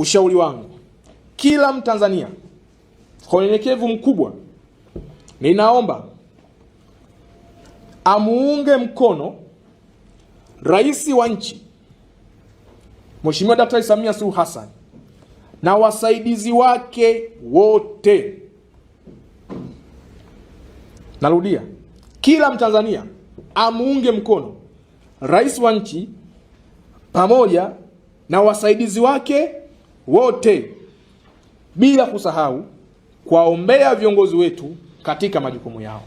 Ushauri wangu kila Mtanzania kwa unyenyekevu mkubwa, ninaomba amuunge mkono rais wa nchi Mheshimiwa Daktari Samia Suluhu Hassan na wasaidizi wake wote. Narudia, kila Mtanzania amuunge mkono rais wa nchi pamoja na wasaidizi wake wote bila kusahau kuwaombea viongozi wetu katika majukumu yao.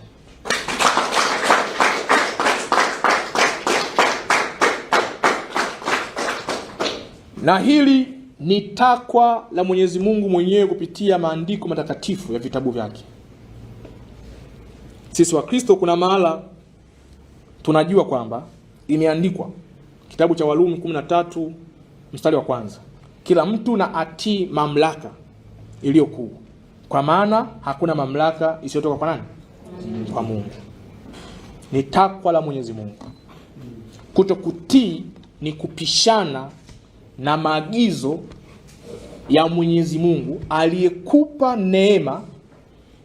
Na hili ni takwa la Mwenyezi Mungu mwenyewe kupitia maandiko matakatifu ya vitabu vyake. Sisi Wakristo kuna mahala tunajua kwamba imeandikwa, kitabu cha Warumi 13 mstari wa kwanza kila mtu na atii mamlaka iliyo kuu, kwa maana hakuna mamlaka isiyotoka kwa nani? Kwa Mungu. Ni takwa la Mwenyezi Mungu. Kuto kutii ni kupishana na maagizo ya Mwenyezi Mungu aliyekupa neema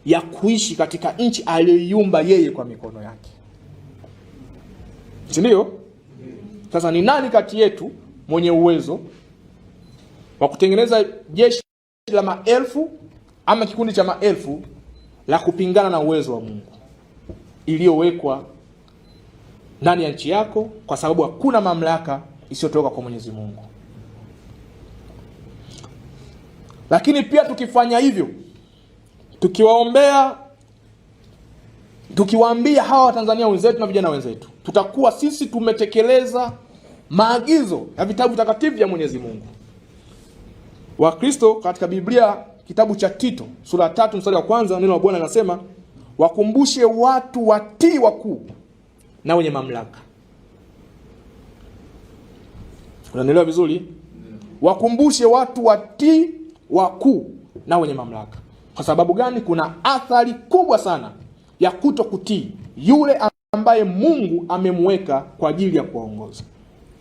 ya kuishi katika nchi aliyoiumba yeye kwa mikono yake, sindio Sasa ni nani kati yetu mwenye uwezo wa kutengeneza jeshi la maelfu ama kikundi cha maelfu la kupingana na uwezo wa Mungu iliyowekwa ndani ya nchi yako, kwa sababu hakuna mamlaka isiyotoka kwa Mwenyezi Mungu. Lakini pia tukifanya hivyo, tukiwaombea, tukiwaambia hawa Watanzania wenzetu na vijana wenzetu, tutakuwa sisi tumetekeleza maagizo ya vitabu vitakatifu vya Mwenyezi Mungu. Wakristo katika Biblia kitabu cha Tito sura ya tatu mstari wa kwanza neno la Bwana linasema wakumbushe watu watii wakuu na wenye mamlaka. Unanielewa vizuri? Wakumbushe watu watii wakuu na wenye mamlaka. Kwa sababu gani? Kuna athari kubwa sana ya kuto kutii yule ambaye Mungu amemweka kwa ajili ya kuwaongoza.